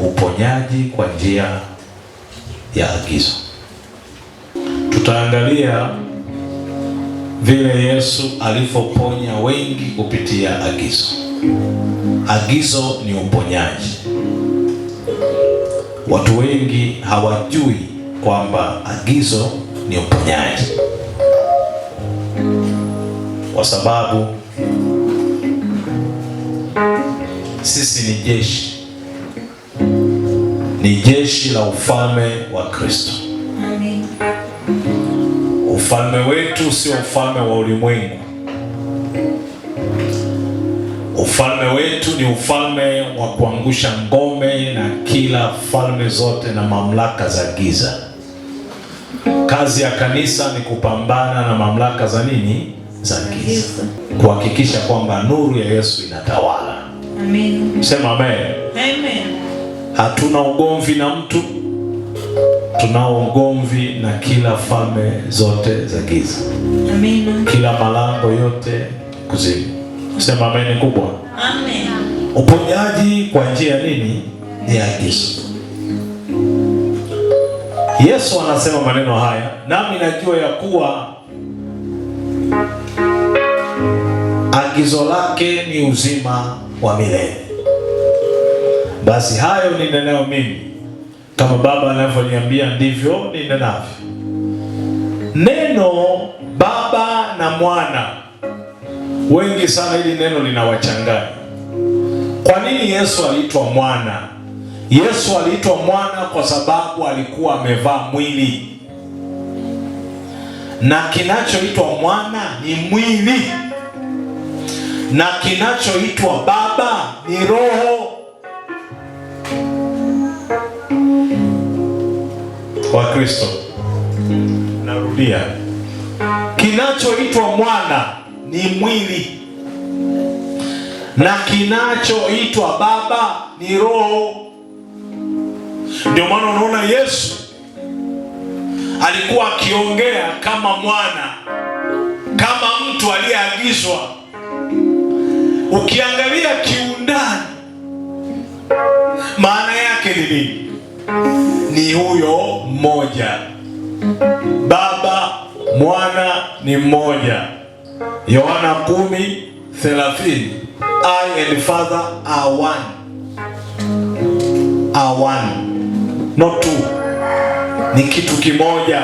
uponyaji kwa njia ya agizo. Tutaangalia vile Yesu alivyoponya wengi kupitia agizo. Agizo ni uponyaji. Watu wengi hawajui kwamba agizo ni uponyaji, kwa sababu sisi ni jeshi ni jeshi la ufalme wa Kristo. Amen. Ufalme wetu sio ufalme wa ulimwengu. Ufalme wetu ni ufalme wa kuangusha ngome na kila falme zote na mamlaka za giza. Kazi ya kanisa ni kupambana na mamlaka za nini? Za giza, kuhakikisha kwamba nuru ya Yesu inatawala. Amen. Sema amen. Amen. Hatuna ugomvi na mtu, tunao ugomvi na kila falme zote za giza. Kila malango yote kuzimu. Sema amen kubwa. Amen. Uponyaji kwa njia nini? Ni agizo. Yesu anasema maneno haya, nami najua ya kuwa agizo lake ni uzima wa milele. Basi hayo ninenayo mimi, kama Baba anavyoniambia ndivyo ninenavyo. Neno Baba na Mwana, wengi sana hili neno linawachanganya. Kwa nini Yesu aliitwa mwana? Yesu aliitwa mwana kwa sababu alikuwa amevaa mwili na kinachoitwa mwana ni mwili na kinachoitwa baba ni roho. wa Kristo. Narudia, kinachoitwa mwana ni mwili na kinachoitwa baba ni roho. Ndio maana unaona Yesu alikuwa akiongea kama mwana, kama mtu aliyeagizwa. Ukiangalia kiundani, maana yake ni nini? ni huyo mmoja. Baba mwana ni mmoja, Yohana 10:30. I and Father are one, are one not two, ni kitu kimoja.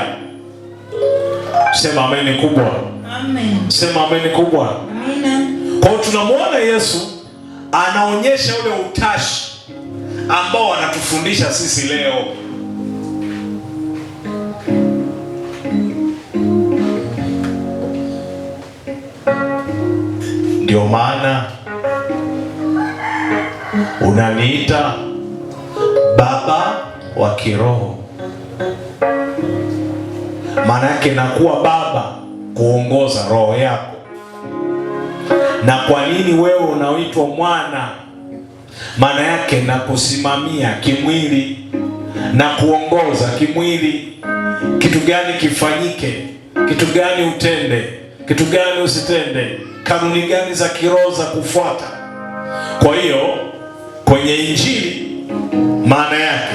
Sema ameni kubwa, amen. Sema ameni kubwa, amina. Kwa hiyo tunamwona Yesu anaonyesha ule utashi ambao anatufundisha sisi leo. Ndio maana unaniita baba wa kiroho, maana yake nakuwa baba kuongoza roho yako. Na kwa nini wewe unaitwa mwana? Maana yake nakusimamia kimwili na kuongoza kimwili, kitu gani kifanyike, kitu gani utende, kitu gani usitende kanuni gani za kiroho za kufuata. Kwa hiyo kwenye Injili maana yake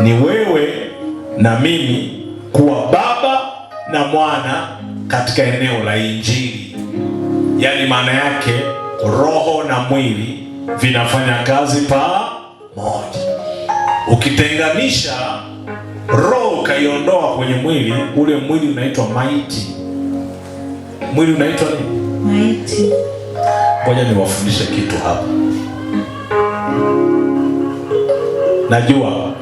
ni wewe na mimi kuwa baba na mwana katika eneo la Injili, yaani maana yake roho na mwili vinafanya kazi pamoja. Ukitenganisha roho ukaiondoa kwenye mwili, ule mwili unaitwa maiti. Mwili unaitwa nini? maiti. Ngoja niwafundishe kitu hapa. Najua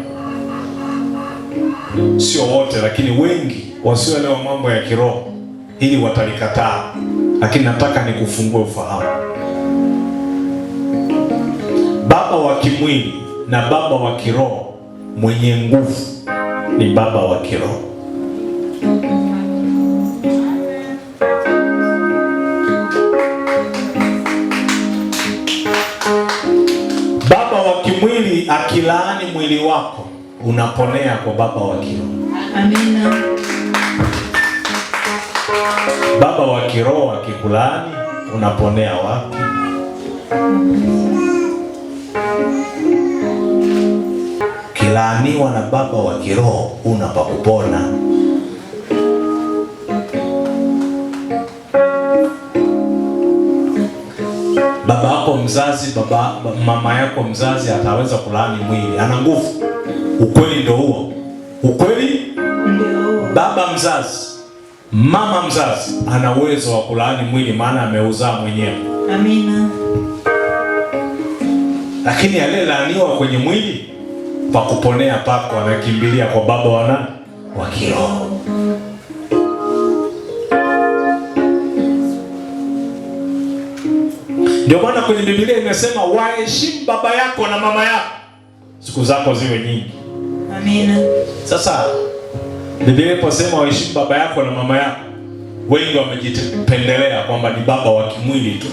sio wote, lakini wengi wasioelewa mambo ya kiroho hili watalikataa, lakini nataka nikufungue ufahamu. Baba wa kimwili na baba wa kiroho mwenye nguvu ni baba wa kiroho. ukilaani mwili wako unaponea kwa baba wa kiroho. Amina. Baba wa kiroho akikulaani unaponea wapi? Ukilaaniwa na baba wa kiroho una pa kupona. mzazi, baba mama yako mzazi ataweza kulaani mwili, ana nguvu. Ukweli ndio huo, ukweli baba mzazi, mama mzazi ana uwezo wa kulaani mwili, maana ameuzaa mwenyewe. Amina. Lakini aliyelaaniwa kwenye mwili, pa kuponea pako, anakimbilia kwa baba wana Wa kiroho. Ndio maana kwenye Biblia imesema waheshimu baba yako na mama yako, siku zako ziwe nyingi. Amina. Sasa Biblia iposema waheshimu baba yako na mama yako, wengi wamejipendelea kwamba ni baba wa kimwili tu,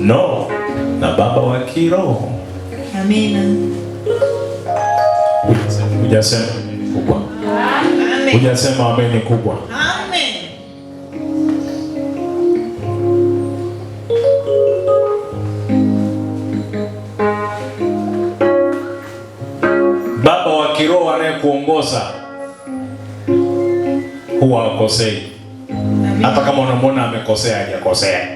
no, na baba wa kiroho. Amina. Hujasema ameni kubwa, hujasema ameni kubwa. akikosa huwa akosei, hata kama unamwona amekosea, hajakosea.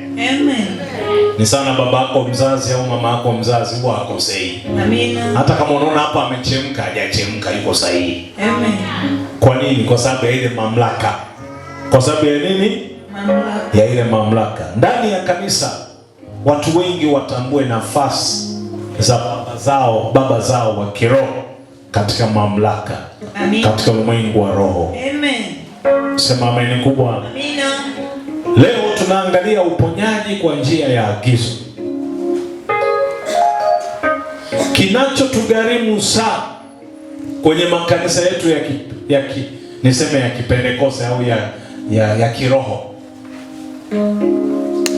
Ni sana babako mzazi au mamako mzazi huwa akosei. Hata kama unaona hapa amechemka, hajachemka, yuko sahihi. Kwa nini? Kwa sababu ya ile mamlaka. Kwa sababu ya nini? Mamlaka. Ya ile mamlaka ndani ya kanisa. Watu wengi watambue nafasi za baba zao, baba zao wa kiroho katika mamlaka Amin. katika ulimwengu wa roho Amen. Sema ameni kubwa. Amina. Leo tunaangalia uponyaji kwa njia ya agizo. Kinachotugharimu saa kwenye makanisa yetu ya ki, ya ki, niseme ya kipendekose au ya, ya, ya kiroho,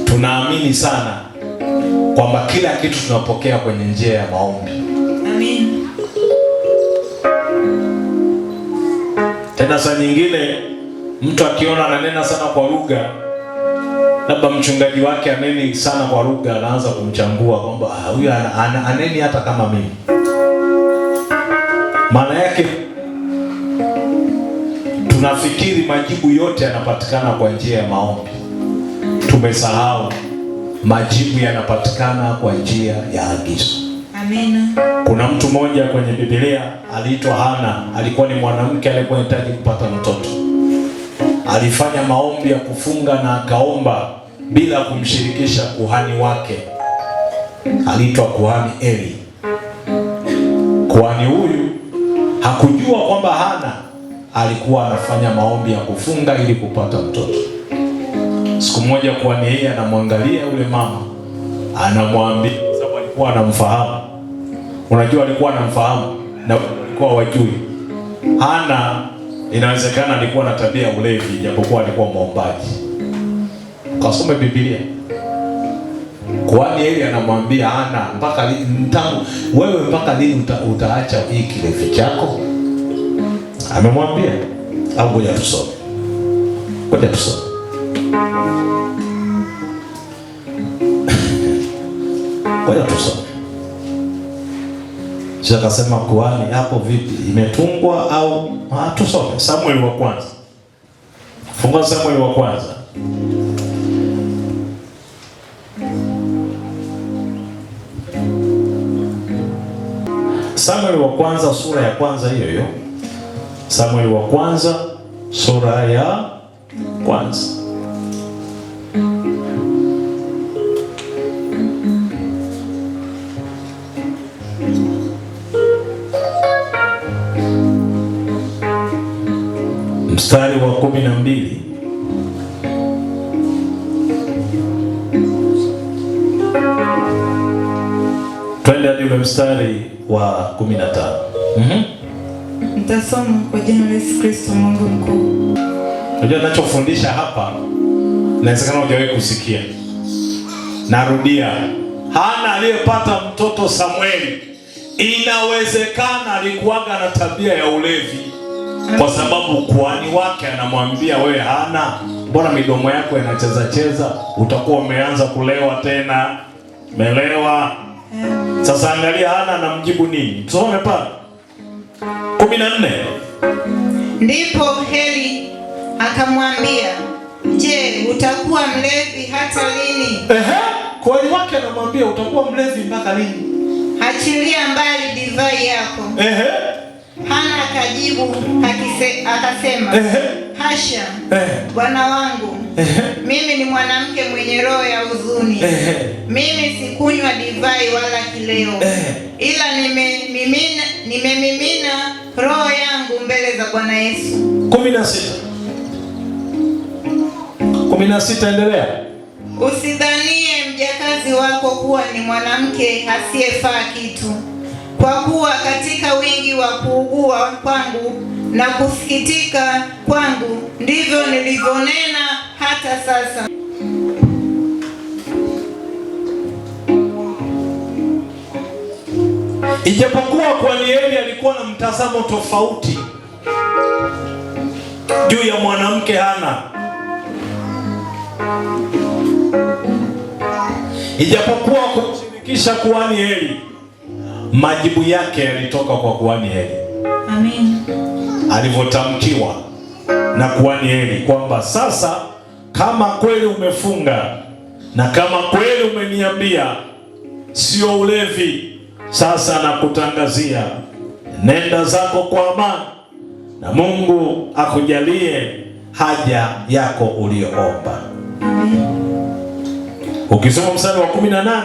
tunaamini sana kwamba kila kitu tunapokea kwenye njia ya maombi na saa nyingine mtu akiona ananena sana kwa lugha, labda mchungaji wake aneni sana kwa lugha, anaanza kumchambua kwamba ah, huyu aneni hata kama mimi. Maana yake tunafikiri majibu yote yanapatikana kwa njia ya maombi. Tumesahau majibu yanapatikana kwa njia ya agizo. Kuna mtu mmoja kwenye Biblia aliitwa Hana, alikuwa ni mwanamke aliyekuwa anahitaji kupata mtoto. Alifanya maombi ya kufunga na akaomba bila kumshirikisha kuhani wake, aliitwa kuhani Eli. Kuhani huyu hakujua kwamba Hana alikuwa anafanya maombi ya kufunga ili kupata mtoto. Siku moja kuhani yeye anamwangalia yule mama, anamwambia, sababu alikuwa anamfahamu Unajua alikuwa anamfahamu na kwa wajui. Hana inawezekana alikuwa na tabia ya ulevi japokuwa alikuwa mwombaji. Kasome Biblia. Kwani eli anamwambia Hana mpaka mtangu wewe mpaka lini uta, utaacha hii kilevi chako? Amemwambia au ngoja tusome. Ngoja tusome. Ngoja tusome. Kisha akasema kuhani, hapo vipi, imetungwa au? Tusome Samueli wa kwanza, fungua Samueli wa kwanza Samueli wa kwanza sura ya kwanza hiyo hiyo. Samueli wa kwanza sura ya kwanza mstari wa kumi na mbili twende hadi ule mstari wa kumi na tano Mtasoma mhm. kwa jina la Yesu Kristo Mungu mkuu. Unajua ninachofundisha hapa, inawezekana hujawahi kusikia. Narudia, Hana aliyepata mtoto Samueli, inawezekana alikuwaga na tabia ya ulevi kwa sababu kuani wake anamwambia wewe, Hana, mbona midomo yako inacheza cheza? Utakuwa umeanza kulewa tena, melewa sasa. Angalia Hana anamjibu nini, tusome pale kumi na nne. Ndipo Heli akamwambia, je, utakuwa mlevi hata lini? Ehe, kuhani wake anamwambia utakuwa mlevi mpaka lini? Achilia mbali divai yako. Ehe. Hana akajibu akasema hasha, bwana wangu, mimi ni mwanamke mwenye roho ya huzuni, mimi sikunywa divai wala kileo, ila nimemimina nimemimina roho yangu mbele za Bwana Yesu. kumi na sita kumi na sita endelea. Usidhanie mjakazi wako kuwa ni mwanamke asiyefaa kitu kwa kuwa katika wingi wa kuugua kwangu na kusikitika kwangu ndivyo nilivyonena hata sasa. Ijapokuwa Kornelio alikuwa na mtazamo tofauti juu ya mwanamke Hana, ijapokuwa kumshirikisha Eli majibu yake yalitoka kwa kuhani Eli. Amen. Alivyotamkiwa na kuhani Eli kwamba sasa, kama kweli umefunga na kama kweli umeniambia sio ulevi, sasa nakutangazia, nenda zako kwa amani na Mungu akujalie haja yako uliyoomba. Ukisoma mstari wa 18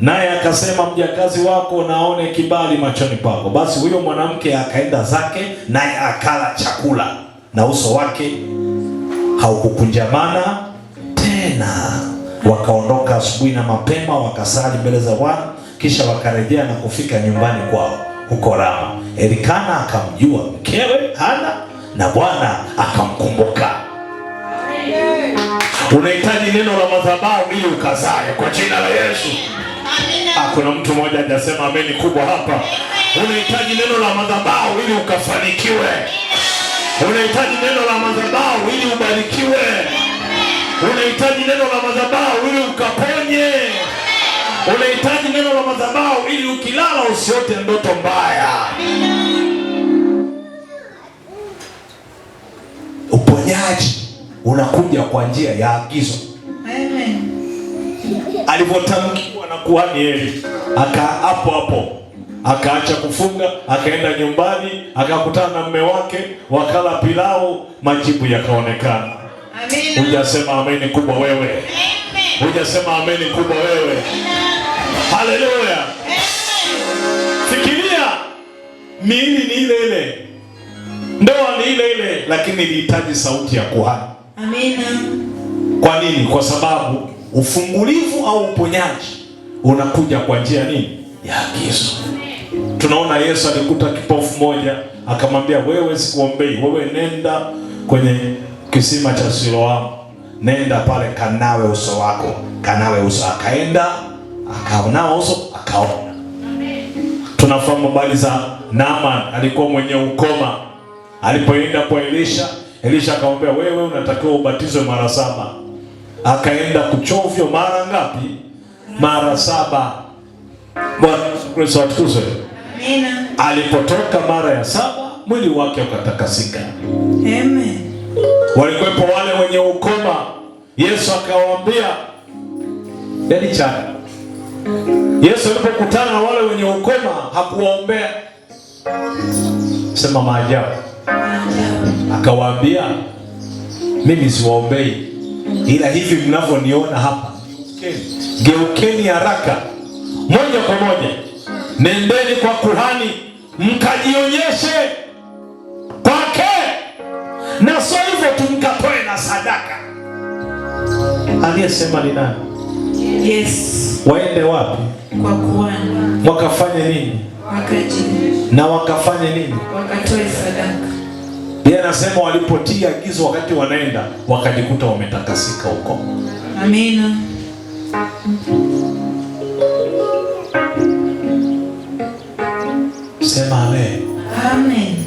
naye akasema, mjakazi wako naone kibali machoni pako. Basi huyo mwanamke akaenda zake, naye akala chakula, na uso wake haukukunjamana tena. Wakaondoka asubuhi na mapema, wakasali mbele za Bwana, kisha wakarejea na kufika nyumbani kwao huko Rama. Elikana akamjua mkewe Hana, na Bwana akamkumbuka. Unahitaji neno la madhabahu ili ukazae kwa jina la Yesu. Ah, kuna mtu mmoja hajasema ameni kubwa hapa. Unahitaji neno la madhabahu ili ukafanikiwe. Unahitaji neno la madhabahu ili ubarikiwe. Unahitaji neno la madhabahu ili ukaponye. Unahitaji neno la madhabahu ili ukilala usiote ndoto mbaya. Uponyaji unakuja kwa njia ya agizo alivyotamka na kuhani Eli. Akaa hapo hapo, akaacha kufunga, akaenda nyumbani, akakutana na mme wake, wakala pilau, majibu yakaonekana. Amina. Hujasema ameni kubwa wewe. Amen. Hujasema ameni kubwa wewe. Amen. Haleluya. Fikiria, miili ni ile ile, ndoa ni ile ile, lakini ilihitaji sauti ya kuhani. Amina. Kwa nini? Kwa sababu ufungulivu au uponyaji unakuja kwa njia nini ya agizo. Tunaona Yesu alikuta kipofu moja akamwambia, wewe sikuombei, wewe nenda kwenye kisima cha Siloamu, nenda pale kanawe uso wako, kanawe uso. Akaenda akaona uso, akaona. Tunafahamu habari za Naaman, alikuwa mwenye ukoma. Alipoenda kwa Elisha, Elisha akamwambia, wewe unatakiwa ubatizwe mara saba. Akaenda kuchovyo mara ngapi? mara saba. Bwana Yesu Kristo atukuzwe. Amina. Alipotoka mara ya saba mwili wake ukatakasika. Amen. Walikuwepo wale wenye ukoma, Yesu akawaambia yani chana. Yesu alipokutana na wale wenye ukoma hakuwaombea, sema maajabu, akawaambia mimi siwaombei, ila hivi mnavyoniona hapa geukeni haraka moja kwa moja, nendeni kwa kuhani mkajionyeshe kwake, na sio hivyo tu mkatoe na sadaka. Aliyesema ni nani? Yes. Waende wapi? Kwa kuhani. Wakafanye nini? Wakajini. Na wakafanye nini? Wakatoe sadaka. Yeye anasema walipotia agizo wakati wanaenda wakajikuta wametakasika huko. Amina. Sema amen.